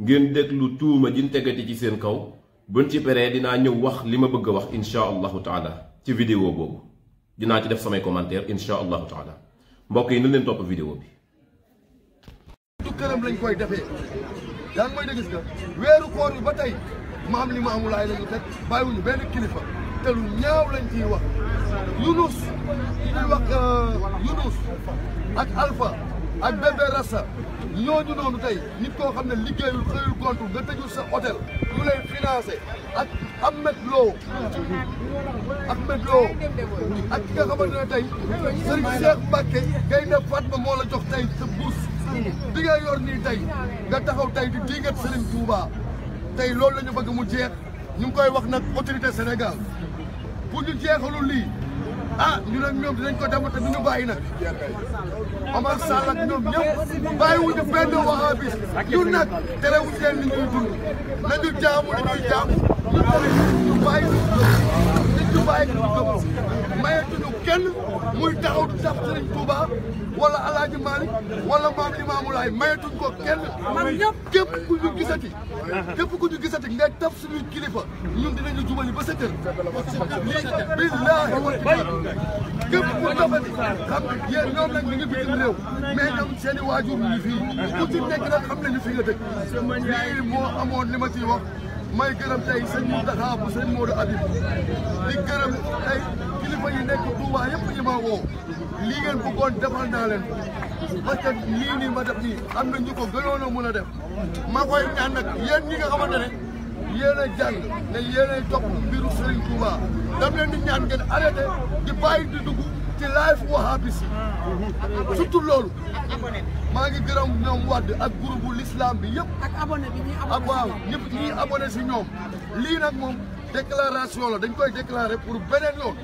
ngeen déglu tuuma ji ñu ci seen kaw buñ ci peree dinaa ñëw wax li ma bëgg a wax insha allahu taala ci vidéo boobu dinaa ci def samay commentaire insha allahu taala mbokk yi na leen topp vidéo bi. du këram koy defee gis nga weeru koor yi ba tey maam li maamu lañu teg bàyyiwuñu benn kilifa te lu ñaaw lañ ciy wax Yunus ñuy wax euh, Yunus ak Alpha. ak bébé rassa ñooñu noonu tey nit koo xam ne liggéeyul xëyul gontu nga tëjul sa hôtel ñu lay ak Ahmed Lo Ahmed Lo ak ki nga xamante ne tey Serigne Cheikh Mbacke Gaynde Fatma moo la jox tey sa bourse bi nga yor nii tey nga taxaw tey di digat Serigne Touba tey loolu lañu ñu bëgg mu jeex ñu ngi koy wax nag autorité Sénégal bu ñu jeexalul lii ah ñu ne ñoom dinañ ko dem te du ñu bàyyi nag Omar Sall ak ñoom ñëpp bàyyiwuñu benn wahabi ñun nag terewul seen li ñuy dund nañu jaamu li ñuy jaamu ñu bàyyi ñu bàyyi Touba ak Touba mayetuñu kenn muy taxaw di tax Sëriñ Touba wala Alaaji Malick wala maam Limaamu Laay mayetuñ ko kenn. képp ku ñu gisati. képp ku ñu gisati nga taf suñuy kilifa ñun dinañu jubali ba sa kër. billaahi képp ku tafati xam nga yéen ñoom nag ñu ngi bitim réew mais ñoom seen i waajur ñu fii ku ci nekk nag xam nañu fi nga dëkk lii moo amoon li ma ciy wax. may gërëm tey sëñ Mountakha bu sëñ Modou Habib di gërëm tey kilifa yi nekk Touba yëpp ñi ma woo lii ngeen bëggoon defal naa leen parce que lii nii ma def nii am na ñu ko gënoon a mën a def ma koy ñaan nag yéen ñi nga xamante ne yéen a jàng ne yéen a topp mbiru Serigne Touba dam leen di ñaan ngeen arrêté di bàyyi dugg ci live wahabisi surtout loolu maa ngi gërëm ñoom wadd ak groupe bu l'islam bi yëpp ak abonné bi ñuy abonné ah, ñëpp ñuy abonné si ñoom lii nag moom déclaration la dañ koy déclarer pour beneen yoon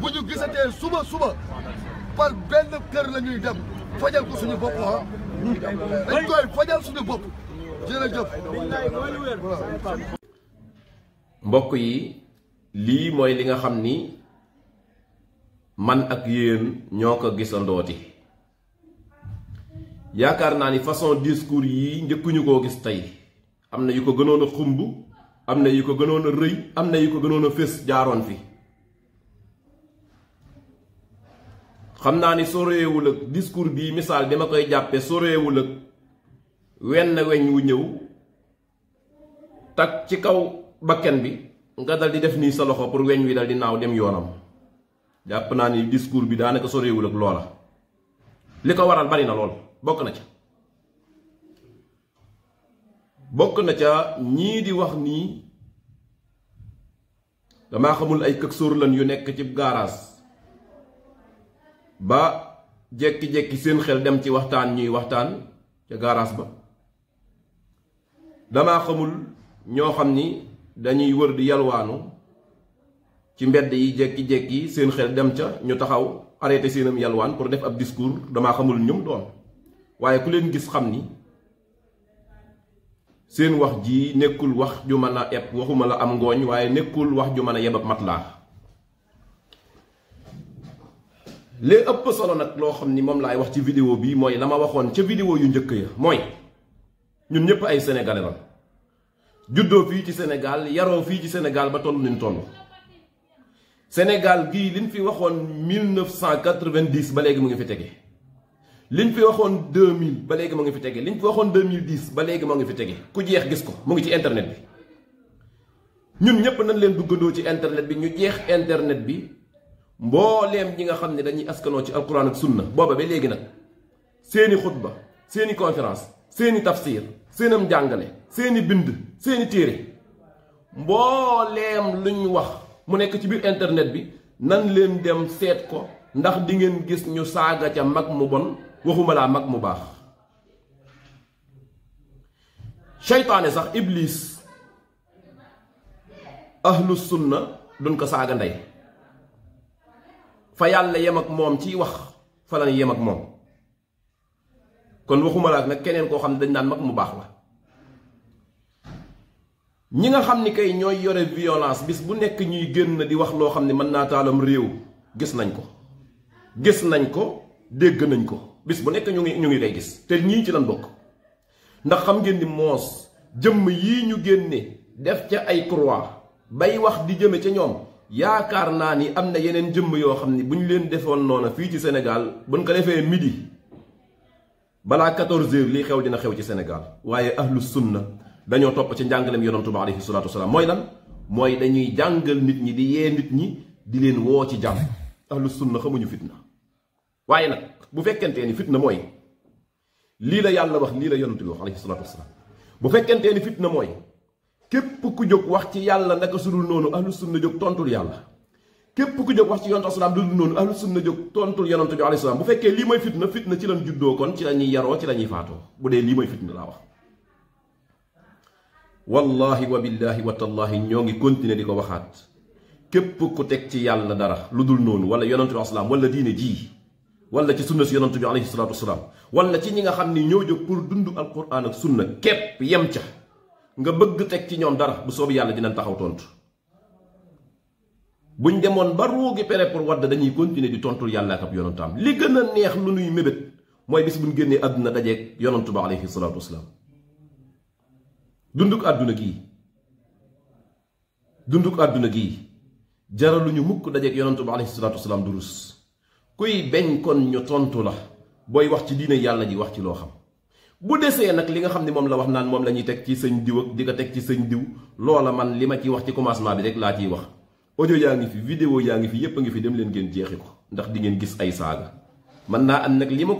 bu ñu gisatee suba suba par benn kër la ñuy dem fajal ko suñu bopp ah dañ koy fajal suñu bopp jërëjëf mbokk yi lii mooy li nga xam man ak yéen ñoo ko gisandooti yaakaar naa ni façon discours yii njëkkuñu koo gis tey am na yu ko gënoon a xumb am na yu ko gënoon rëy am na yu ko gënoon a fés jaaroon fi xam naa ni soreewul ak discours bii misaal bi ma koy jàppee soreewul ak wenn weñ wu ñëw takk ci kaw bakken bi nga dal di def nii sa loxo pour weñ wi dal di naaw dem yoonam jàpp naa ni discours bi daanaka soreewul ak loola li waral bari na lool bokk na ca bokk na ca ñii di wax nii damaa xamul ay këg sóor lan yu nekk ci gaaraas ba jekki-jekki seen xel dem ci waxtaan ñuy waxtaan ca gaaraas ba damaa xamul ñoo xam ni dañuy wër di yalwaanu ci mbedd yi jékki-jékki seen xel dem ca ñu taxaw arrêté seenam yalwaan pour def ab discours damaa xamul ñum doon waaye ku leen gis xam ni seen wax ji nekkul wax ju mën a eb waxuma la am ngooñ waaye nekkul wax ju mën a yeb ab matlaa lée ëpp solo nag loo xam ni moom la ay wax ci vidéo bi mooy la ma waxoon ca vidéo yu njëkk ya mooy ñun ñëpp ay sénégalais la juddoo fii ci Sénégal yaroo fii ci Sénégal ba toll niñ toll Sénégal gii liñ fi waxoon 1990 ba léegi mu ngi fi tege liñ fi waxoon 2000 ba léegi mu ngi fi tege liñ fi waxoon 2010 ba léegi mu ngi fi ku jeex gis ko mu ngi ci internet bi ñun ñëpp nañ leen duggadoo ci internet bi ñu jeex internet bi mbooleem ñi nga xam ne dañuy askanoo ci alquran ak sunna booba ba léegi nag seeni xutba seeni conférence seeni tafsir seenam njàngale seeni bind seeni téere mbooleem luñ wax. mu nekk ci biir internet bi nan leen dem seet ko ndax di ngeen gis ñu saaga ca mag mu bon waxuma laa mag mu baax seytaane sax iblis ahlu sunna duñ ko saaga ndey fa yàlla yem ak moom ciy wax fa lañ yem ak moom kon waxuma laa nag keneen koo xam ne dañ naan mag mu baax la ñi nga xam ni kay ñooy yore violence bis bu nekk ñuy génn di wax loo xam ne mën naa taalam réew gis nañ ko gis nañ ko dégg nañ ko bis bu nekk ñu ngi ñu ngi koy gis te ñii ci lan bokk ndax xam ngeen ni moos jëmm yi ñu génne def ca ay croix bay wax di jëme ca ñoom yaakaar naa ni am na yeneen jëmm yoo xam ne bu ñu leen defoon noona fii ci Sénégal buñ ko defee midi balaa 14 heures lii xew dina xew ci senegaal waaye ahlu sunna dañoo topp ci njàngaleem yonantu ba alayhi salaatu wasalaam mooy lan mooy dañuy jàngal nit ñi di yee nit ñi di leen woo ci jàmm ahlu sunna xamuñu fitna waaye nag bu fekkentee ni fitna mooy lii la yàlla wax lii la yonantu bi wax alayhi bu fekkentee ni fitna mooy képp ku jóg wax ci yàlla naka sudul noonu ahlu sunna jóg tontul yàlla képp ku jóg wax ci yonantu asalaam dudul noonu ahlu sunna bu fekkee lii mooy fitna fitna ci lañ juddoo kon ci la ñuy yaroo ci lañuy faatoo bu dee lii mooy fitna laa wax wallahi wa billahi wa tallahi ñoo ngi continuer di ko waxaat képp ku teg ci yàlla dara lu dul noonu wala yonantu bi asalaam wala diine jii wala ci sunna si yonantu bi alayhi salaatu wasalaam wala ci ñi nga xam ni ñoo jóg pour dund alquran ak sunna képp yem ca nga bëgg teg ci ñoom dara bu soob yàlla dinañ taxaw tontu buñ demoon ba ruugi pere pour wadd dañuy continuer di tontul yàlla ak ab yonantaam li gën a neex lu nuy mébét mooy bis buñ génnee àdduna dajeeg yonantu ba alayhi salaatu wasalaam dunduk àdduna dunduk àdduna gii jaraluñu mukk dajeeg yonantu bi alayhi salaatu wasalaam durus kuy beñ kon ñu tontu la booy wax ci diine yàlla ji wax ci loo xam bu desee nag li nga xam ne la wax naan moom la ci ak di ko teg ci sëñ diw loola man li ma ciy wax ci commencement bi rek laa ciy wax audio yaa ngi fi vidéo yaa ngi fi yépp a fi dem leen ndax di ngeen gis ay saaga man naa am nag li ma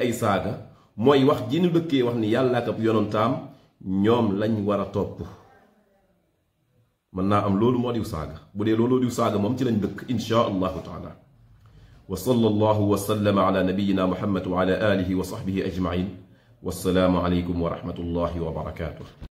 ay saaga mooy wax ji wax ni ak ñom lañ wara top man na am lolu moo diw saaga bu dee looloo diw saaga ci lañ dëkk insha allah taala wa sallallahu wa sallama ala nabiyyina muhammad wa ala alihi wa sahbihi ajmain wassalaamu alaykum wa rahmatullahi wa barakatuh